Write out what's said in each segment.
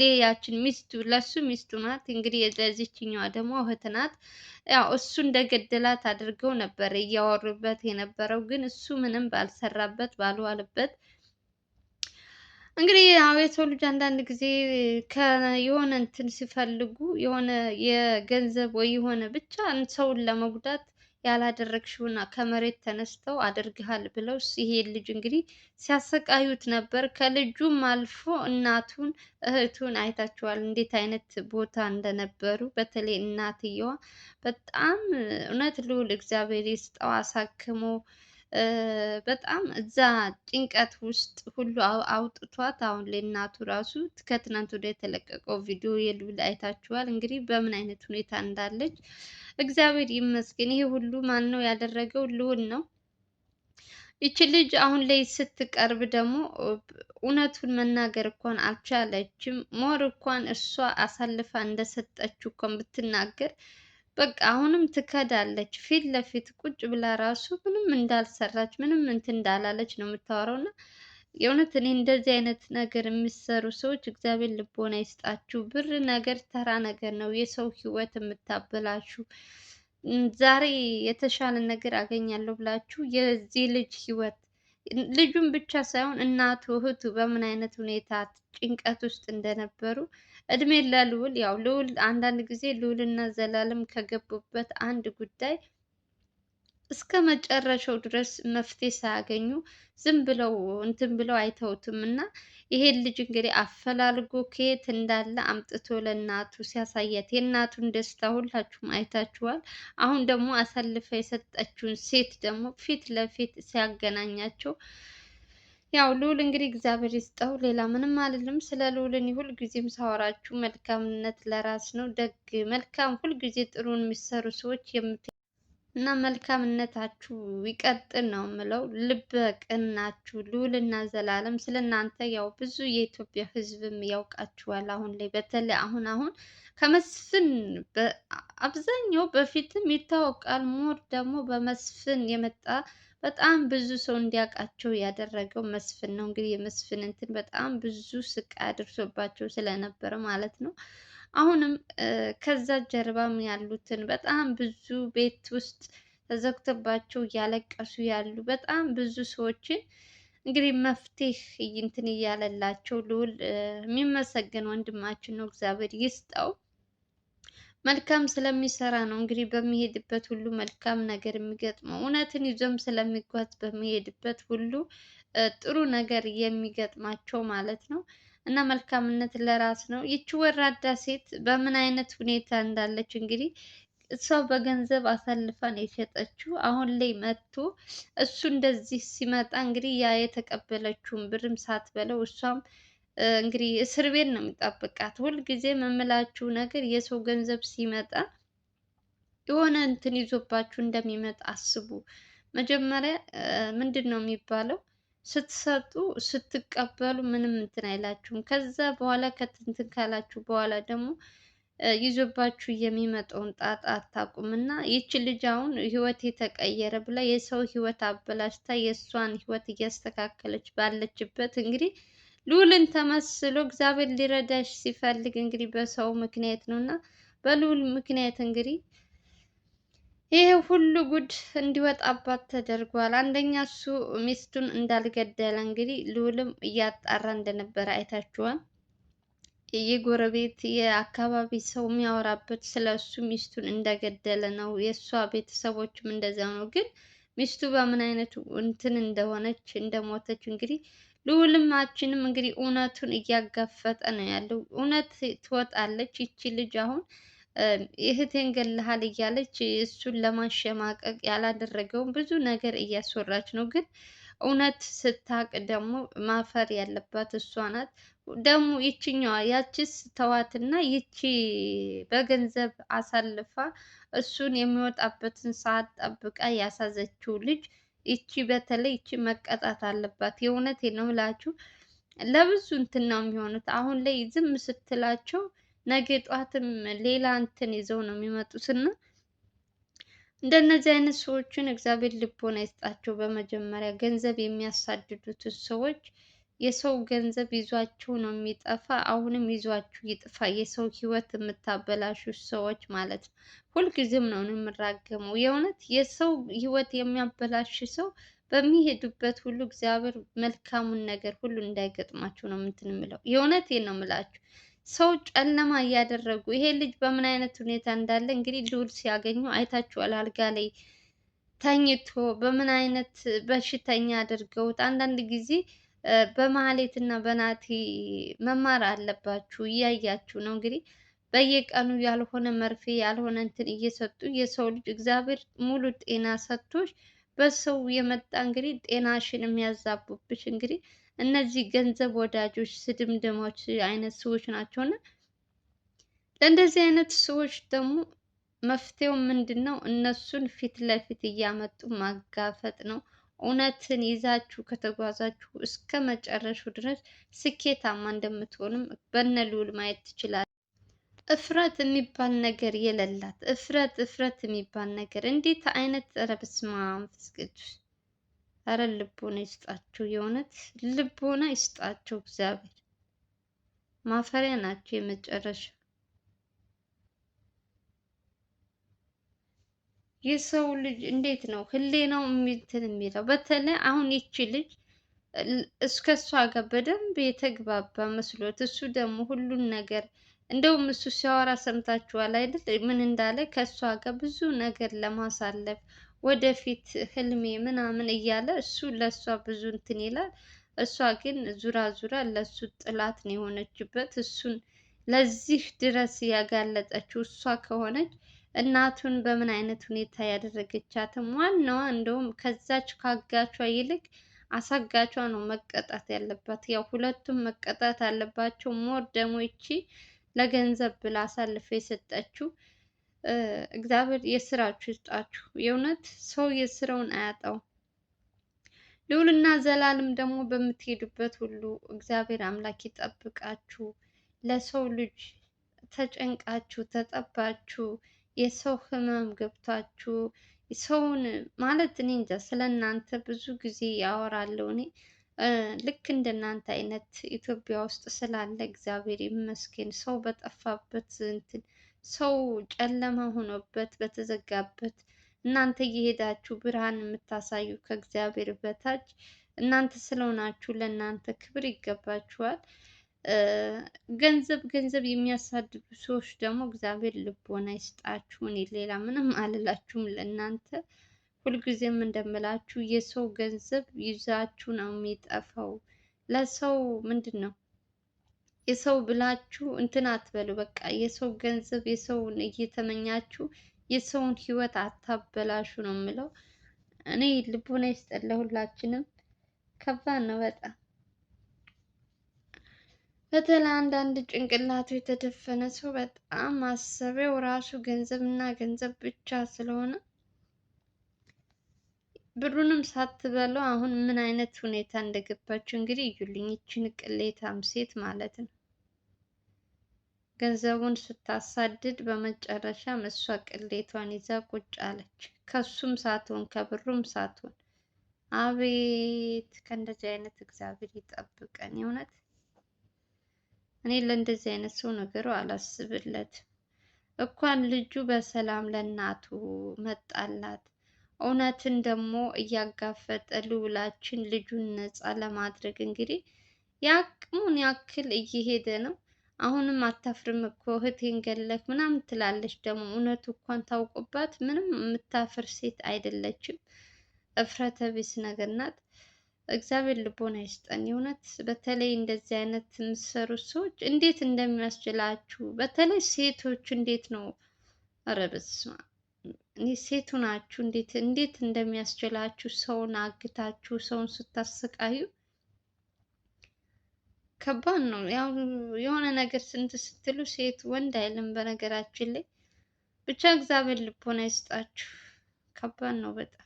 ሌያችን ሚስቱ ለሱ ሚስቱ ናት። እንግዲህ ለዚችኛዋ ደግሞ እህት ናት። ያው እሱ እንደገደላት አድርገው ነበር እያወሩበት የነበረው ግን እሱ ምንም ባልሰራበት ባልዋልበት እንግዲህ ያው የሰው ልጅ አንዳንድ ጊዜ የሆነ እንትን ሲፈልጉ የሆነ የገንዘብ ወይ የሆነ ብቻ ሰውን ለመጉዳት ያላደረግሽውን ከመሬት ተነስተው አድርግሃል ብለው ይሄን ልጅ እንግዲህ ሲያሰቃዩት ነበር። ከልጁም አልፎ እናቱን እህቱን አይታችኋል፣ እንዴት አይነት ቦታ እንደነበሩ። በተለይ እናትየዋ በጣም እውነት ልዑል እግዚአብሔር ይስጠው አሳክሞ በጣም እዛ ጭንቀት ውስጥ ሁሉ አውጥቷት አሁን ላይ እናቱ ራሱ ከትናንት ወደ የተለቀቀው ቪዲዮ የልዑል አይታችኋል። እንግዲህ በምን አይነት ሁኔታ እንዳለች እግዚአብሔር ይመስገን። ይሄ ሁሉ ማን ነው ያደረገው? ልውል ነው። ይቺ ልጅ አሁን ላይ ስትቀርብ ደግሞ እውነቱን መናገር እንኳን አልቻለችም። ሞር እንኳን እሷ አሳልፋ እንደሰጠችው እንኳን ብትናገር በቃ አሁንም ትከዳለች። ፊት ለፊት ቁጭ ብላ ራሱ ምንም እንዳልሰራች ምንም እንትን እንዳላለች ነው የምታወራው። እና የእውነት እኔ እንደዚህ አይነት ነገር የሚሰሩ ሰዎች እግዚአብሔር ልቦና ይስጣችሁ። ብር ነገር ተራ ነገር ነው። የሰው ህይወት የምታበላሹ ዛሬ የተሻለ ነገር አገኛለሁ ብላችሁ የዚህ ልጅ ህይወት ልጁን ብቻ ሳይሆን እናቱ እህቱ በምን አይነት ሁኔታ ጭንቀት ውስጥ እንደነበሩ እድሜ ለልዑል ያው ልዑል አንዳንድ ጊዜ ልውልና ዘላለም ከገቡበት አንድ ጉዳይ እስከ መጨረሻው ድረስ መፍትሄ ሳያገኙ ዝም ብለው እንትን ብለው አይተውትም እና ይሄን ልጅ እንግዲህ አፈላልጎ ከየት እንዳለ አምጥቶ ለእናቱ ሲያሳያት የእናቱን ደስታ ሁላችሁም አይታችኋል። አሁን ደግሞ አሳልፋ የሰጠችውን ሴት ደግሞ ፊት ለፊት ሲያገናኛቸው ያው ልዑል እንግዲህ እግዚአብሔር ይስጠው፣ ሌላ ምንም አልልም። ስለ ልዑል እኔ ሁልጊዜም ሳወራችሁ መልካምነት ለራስ ነው። ደግ መልካም፣ ሁልጊዜ ጥሩን የሚሰሩ ሰዎች የምት እና መልካምነታችሁ ይቀጥል ነው የምለው። ልበ ቅናችሁ ልዑልና ዘላለም። ስለ እናንተ ያው ብዙ የኢትዮጵያ ሕዝብም ያውቃችኋል። አሁን ላይ በተለይ አሁን አሁን ከመስፍን አብዛኛው በፊትም ይታወቃል። ሞር ደግሞ በመስፍን የመጣ በጣም ብዙ ሰው እንዲያውቃቸው ያደረገው መስፍን ነው። እንግዲህ የመስፍን እንትን በጣም ብዙ ስቃይ አድርሶባቸው ስለነበረ ማለት ነው። አሁንም ከዛ ጀርባም ያሉትን በጣም ብዙ ቤት ውስጥ ተዘግቶባቸው እያለቀሱ ያሉ በጣም ብዙ ሰዎችን እንግዲህ መፍትሄ እንትን እያለላቸው ልዑል የሚመሰገን ወንድማችን ነው። እግዚአብሔር ይስጠው። መልካም ስለሚሰራ ነው። እንግዲህ በሚሄድበት ሁሉ መልካም ነገር የሚገጥመው እውነትን ይዞም ስለሚጓዝ በሚሄድበት ሁሉ ጥሩ ነገር የሚገጥማቸው ማለት ነው። እና መልካምነት ለራስ ነው። ይቺ ወራዳ ሴት በምን አይነት ሁኔታ እንዳለች እንግዲህ እሷ በገንዘብ አሳልፋን የሸጠችው አሁን ላይ መጥቶ እሱ እንደዚህ ሲመጣ እንግዲህ ያ የተቀበለችውን ብርም ሳትበለው እሷም እንግዲህ እስር ቤት ነው የሚጠብቃት። ሁልጊዜ የምላችሁ ነገር የሰው ገንዘብ ሲመጣ የሆነ እንትን ይዞባችሁ እንደሚመጣ አስቡ። መጀመሪያ ምንድን ነው የሚባለው? ስትሰጡ ስትቀበሉ ምንም እንትን አይላችሁም። ከዛ በኋላ ከትንትን ካላችሁ በኋላ ደግሞ ይዞባችሁ የሚመጣውን ጣጣ አታውቁም። እና ይቺ ልጅ አሁን ህይወት የተቀየረ ብላ የሰው ህይወት አበላሽታ የእሷን ህይወት እያስተካከለች ባለችበት እንግዲህ ልዑልን ተመስሎ እግዚአብሔር ሊረዳሽ ሲፈልግ እንግዲህ በሰው ምክንያት ነው እና በልዑል ምክንያት እንግዲህ ይህ ሁሉ ጉድ እንዲወጣባት ተደርጓል። አንደኛ እሱ ሚስቱን እንዳልገደለ እንግዲህ ልዑልም እያጣራ እንደነበረ አይታችኋል። የጎረቤት የአካባቢ ሰው የሚያወራበት ስለ እሱ ሚስቱን እንደገደለ ነው። የእሷ ቤተሰቦችም እንደዚያ ነው። ግን ሚስቱ በምን አይነት እንትን እንደሆነች እንደሞተች እንግዲህ ልዑልማችንም እንግዲህ እውነቱን እያጋፈጠ ነው ያለው። እውነት ትወጣለች ይቺ ልጅ አሁን እህቴን ገለሃል እያለች እሱን ለማሸማቀቅ ያላደረገውን ብዙ ነገር እያስወራች ነው። ግን እውነት ስታቅ ደግሞ ማፈር ያለባት እሷ ናት። ደግሞ ይችኛዋ ያችስ ተዋትና ይቺ በገንዘብ አሳልፋ እሱን የሚወጣበትን ሰዓት ጠብቃ ያሳዘችው ልጅ ይቺ በተለይ ይቺ መቀጣት አለባት። የእውነቴ ነው እላችሁ ለብዙ እንትን ነው የሚሆኑት። አሁን ላይ ዝም ስትላቸው ነገ ጧትም ሌላ እንትን ይዘው ነው የሚመጡት እና እንደነዚህ አይነት ሰዎችን እግዚአብሔር ልቦና ይስጣቸው። በመጀመሪያ ገንዘብ የሚያሳድዱትን ሰዎች የሰው ገንዘብ ይዟችሁ ነው የሚጠፋ። አሁንም ይዟችሁ ይጥፋ። የሰው ህይወት የምታበላሹ ሰዎች ማለት ነው። ሁልጊዜም ነው የምራገመው። የእውነት የሰው ህይወት የሚያበላሽ ሰው በሚሄዱበት ሁሉ እግዚአብሔር መልካሙን ነገር ሁሉ እንዳይገጥማችሁ ነው እንትን የምለው። የእውነት ነው የምላችሁ። ሰው ጨለማ እያደረጉ ይሄ ልጅ በምን አይነት ሁኔታ እንዳለ እንግዲህ ልዑል ሲያገኙ አይታችኋል። አልጋ ላይ ተኝቶ በምን አይነት በሽተኛ አድርገውት አንዳንድ ጊዜ በማህሌት እና በናቲ መማር አለባችሁ። እያያችሁ ነው እንግዲህ በየቀኑ ያልሆነ መርፌ ያልሆነ እንትን እየሰጡ የሰው ልጅ እግዚአብሔር ሙሉ ጤና ሰጥቶሽ በሰው የመጣ እንግዲህ ጤናሽን የሚያዛቡብሽ እንግዲህ እነዚህ ገንዘብ ወዳጆች ስድምድሞች አይነት ሰዎች ናቸው። እና ለእንደዚህ አይነት ሰዎች ደግሞ መፍትሄው ምንድን ነው? እነሱን ፊት ለፊት እያመጡ ማጋፈጥ ነው። እውነትን ይዛችሁ ከተጓዛችሁ እስከ መጨረሻው ድረስ ስኬታማ እንደምትሆኑም በነ ልዑል ማየት ትችላላችሁ። እፍረት የሚባል ነገር የለላት እፍረት እፍረት የሚባል ነገር እንዴት አይነት ኧረ በስመ አብ መንፈስ ቅዱስ ኧረ ልቦና ይስጣችሁ፣ የእውነት ልቦና ይስጣችሁ። እግዚአብሔር ማፈሪያ ናቸው የመጨረሻ የሰው ልጅ እንዴት ነው ህሌናው እንትን የሚለው? በተለይ አሁን ይቺ ልጅ እስከ እሷ ጋር በደንብ የተግባባ መስሎት እሱ ደግሞ ሁሉን ነገር እንደውም እሱ ሲያወራ ሰምታችኋል አይደል? ምን እንዳለ ከእሷ ጋር ብዙ ነገር ለማሳለፍ ወደፊት ህልሜ ምናምን እያለ እሱ ለእሷ ብዙ እንትን ይላል። እሷ ግን ዙራ ዙራ ለእሱ ጥላት ነው የሆነችበት። እሱን ለዚህ ድረስ ያጋለጠችው እሷ ከሆነች እናቱን በምን አይነት ሁኔታ ያደረገቻትም ዋናዋ እንደውም ከዛች ካጋቿ ይልቅ አሳጋቿ ነው መቀጣት ያለባት። ያው ሁለቱም መቀጣት አለባቸው። ሞር ደግሞ ይቺ ለገንዘብ ብላ አሳልፈ የሰጠችው እግዚአብሔር የስራችሁ ይስጣችሁ። የእውነት ሰው የስራውን አያጣው። ልዑልና ዘላለም ደግሞ በምትሄዱበት ሁሉ እግዚአብሔር አምላክ ይጠብቃችሁ። ለሰው ልጅ ተጨንቃችሁ ተጠባችሁ የሰው ህመም ገብታችሁ ሰውን ማለት እኔ እንጃ ስለ እናንተ ብዙ ጊዜ ያወራለሁ። እኔ ልክ እንደ እናንተ አይነት ኢትዮጵያ ውስጥ ስላለ እግዚአብሔር ይመስገን። ሰው በጠፋበት እንትን ሰው ጨለማ ሆኖበት በተዘጋበት እናንተ እየሄዳችሁ ብርሃን የምታሳዩ ከእግዚአብሔር በታች እናንተ ስለሆናችሁ ለእናንተ ክብር ይገባችኋል። ገንዘብ ገንዘብ የሚያሳድዱ ሰዎች ደግሞ እግዚአብሔር ልቦና ይስጣችሁ። እኔ ሌላ ምንም አልላችሁም ለእናንተ። ሁልጊዜም እንደምላችሁ የሰው ገንዘብ ይዛችሁ ነው የሚጠፋው። ለሰው ምንድን ነው የሰው ብላችሁ እንትን አትበሉ። በቃ የሰው ገንዘብ የሰውን እየተመኛችሁ የሰውን ህይወት አታበላሹ ነው የምለው እኔ ልቦና ይስጠን ለሁላችንም። ከባድ ነው በጣም በተለይ አንዳንድ ጭንቅላቱ የተደፈነ ሰው በጣም ማሰቢያው ራሱ ገንዘብ እና ገንዘብ ብቻ ስለሆነ ብሩንም ሳትበለው አሁን ምን አይነት ሁኔታ እንደገባችው እንግዲህ እዩልኝ። ይችን ቅሌታም ሴት ማለት ነው። ገንዘቡን ስታሳድድ በመጨረሻ እሷ ቅሌቷን ይዛ ቁጭ አለች። ከሱም ሳትሆን ከብሩም ሳትሆን። አቤት ከእንደዚህ አይነት እግዚአብሔር ይጠብቀን የእውነት እኔ ለእንደዚህ አይነት ሰው ነገሩ አላስብለት እንኳን ልጁ በሰላም ለእናቱ መጣላት። እውነትን ደግሞ እያጋፈጠ ልውላችን ልጁን ነፃ ለማድረግ እንግዲህ የአቅሙን ያክል እየሄደ ነው። አሁንም አታፍርም እኮ እህቴን ገለክ ምናምን ትላለች። ደግሞ እውነቱ እንኳን ታውቁባት ምንም የምታፍር ሴት አይደለችም። እፍረተ ቢስ ነገር ናት። እግዚአብሔር ልቦን አይስጠን። የእውነት በተለይ እንደዚህ አይነት የምትሰሩ ሰዎች እንዴት እንደሚያስችላችሁ በተለይ ሴቶች እንዴት ነው ረብስ እኔ ሴቱ ናችሁ እንዴት እንዴት እንደሚያስችላችሁ ሰውን አግታችሁ ሰውን ስታሰቃዩ ከባድ ነው። ያው የሆነ ነገር ስንት ስትሉ ሴት ወንድ አይልም። በነገራችን ላይ ብቻ እግዚአብሔር ልቦና ይስጣችሁ። ከባድ ነው በጣም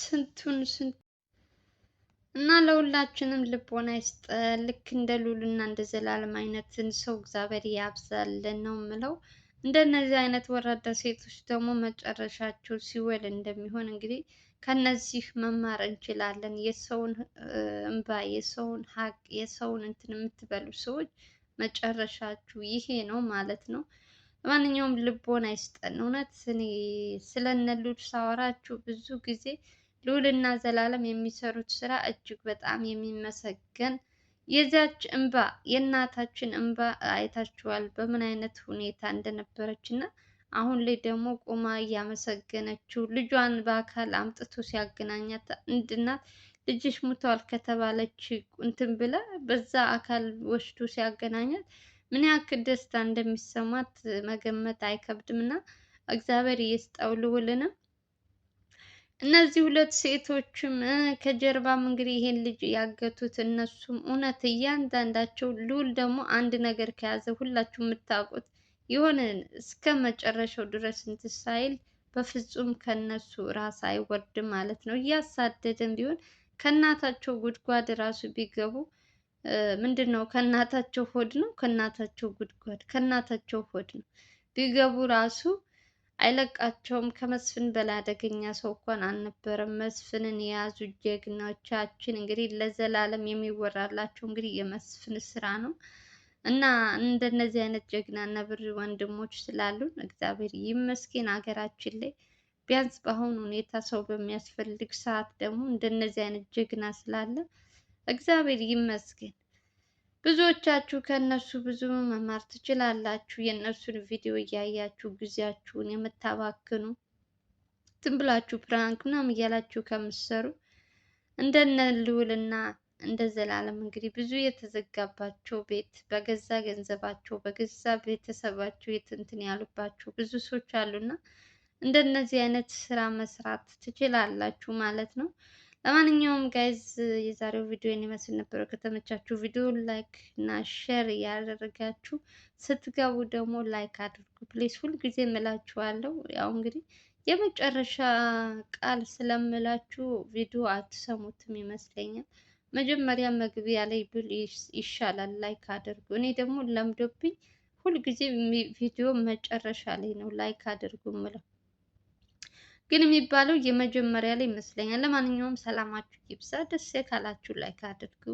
ስንቱን ስንት እና ለሁላችንም ልቦና ይስጥ። ልክ እንደ ሉልና እንደ ዘላለም አይነትን ሰው እግዚአብሔር ያብዛልን ነው የምለው። እንደነዚህ አይነት ወራዳ ሴቶች ደግሞ መጨረሻቸው ሲወል እንደሚሆን እንግዲህ ከነዚህ መማር እንችላለን። የሰውን እንባ፣ የሰውን ሀቅ፣ የሰውን እንትን የምትበሉ ሰዎች መጨረሻችሁ ይሄ ነው ማለት ነው። ለማንኛውም ልቦና አይስጠን። እውነት እኔ ስለነሉድ ሳወራችሁ ብዙ ጊዜ እና ዘላለም የሚሰሩት ስራ እጅግ በጣም የሚመሰገን የዚያች እንባ የእናታችን እንባ አይታችኋል፣ በምን አይነት ሁኔታ እንደነበረች እና አሁን ላይ ደግሞ ቆማ እያመሰገነችው ልጇን በአካል አምጥቶ ሲያገናኛት እንድናት ልጅሽ ሙቷል ከተባለች እንትን ብላ በዛ አካል ወስዶ ሲያገናኛት ምን ያክል ደስታ እንደሚሰማት መገመት አይከብድም። እና እግዚአብሔር ይስጠው ልዑልንም እነዚህ ሁለት ሴቶችም ከጀርባም እንግዲህ ይሄን ልጅ ያገቱት እነሱም እውነት እያንዳንዳቸው ልዑል ደግሞ አንድ ነገር ከያዘ ሁላችሁ የምታውቁት የሆነ እስከ መጨረሻው ድረስ እንትን ሳይል በፍጹም ከነሱ ራስ አይወርድም ማለት ነው። እያሳደደም ቢሆን ከእናታቸው ጉድጓድ ራሱ ቢገቡ ምንድን ነው ከእናታቸው ሆድ ነው፣ ከእናታቸው ጉድጓድ፣ ከእናታቸው ሆድ ነው። ቢገቡ ራሱ አይለቃቸውም። ከመስፍን በላይ አደገኛ ሰው እንኳን አልነበረም። መስፍንን የያዙ ጀግናዎቻችን እንግዲህ ለዘላለም የሚወራላቸው እንግዲህ የመስፍን ስራ ነው እና እንደነዚህ አይነት ጀግና ነብር ወንድሞች ስላሉን እግዚአብሔር ይመስገን። ሀገራችን ላይ ቢያንስ በአሁኑ ሁኔታ ሰው በሚያስፈልግ ሰዓት ደግሞ እንደነዚህ አይነት ጀግና ስላለ እግዚአብሔር ይመስገን። ብዙዎቻችሁ ከእነሱ ብዙ መማር ትችላላችሁ። የእነሱን ቪዲዮ እያያችሁ ጊዜያችሁን የምታባክኑ ዝም ብላችሁ ፕራንክ ምናምን እያላችሁ ከምትሰሩ እንደነ ልዑልና እንደ ዘላለም እንግዲህ ብዙ የተዘጋባቸው ቤት በገዛ ገንዘባቸው በገዛ ቤተሰባቸው የትንትን ያሉባቸው ብዙ ሰዎች አሉና እንደነዚህ አይነት ስራ መስራት ትችላላችሁ ማለት ነው። ለማንኛውም ጋይዝ የዛሬው ቪዲዮ የሚመስል ነበረ። ከተመቻችሁ ቪዲዮ ላይክ እና ሼር እያደረጋችሁ ስትገቡ ደግሞ ላይክ አድርጉ ፕሊዝ። ሁልጊዜ እምላችኋለሁ ያው እንግዲህ የመጨረሻ ቃል ስለምላችሁ ቪዲዮ አትሰሙትም ይመስለኛል። መጀመሪያ መግቢያ ላይ ብል ይሻላል ላይክ አድርጉ። እኔ ደግሞ ለምዶብኝ ሁልጊዜ ቪዲዮ መጨረሻ ላይ ነው ላይክ አድርጉ ምለው። ግን የሚባለው የመጀመሪያ ላይ ይመስለኛል። ለማንኛውም ሰላማችሁ ይብዛ። ደስ ካላችሁ ላይክ አድርጉ፣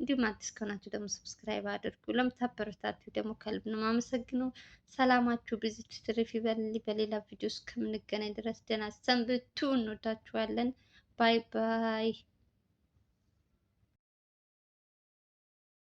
እንዲሁም አዲስ ከሆናችሁ ደግሞ ሰብስክራይብ አድርጉ። ለምታበረታቱ ደግሞ ከልብ ነው የማመሰግነው። ሰላማችሁ ብዙ ትርፍ ይበል። በሌላ ቪዲዮ እስከምንገናኝ ድረስ ደህና ሰንብቱ። እንወዳችኋለን። ባይ ባይ።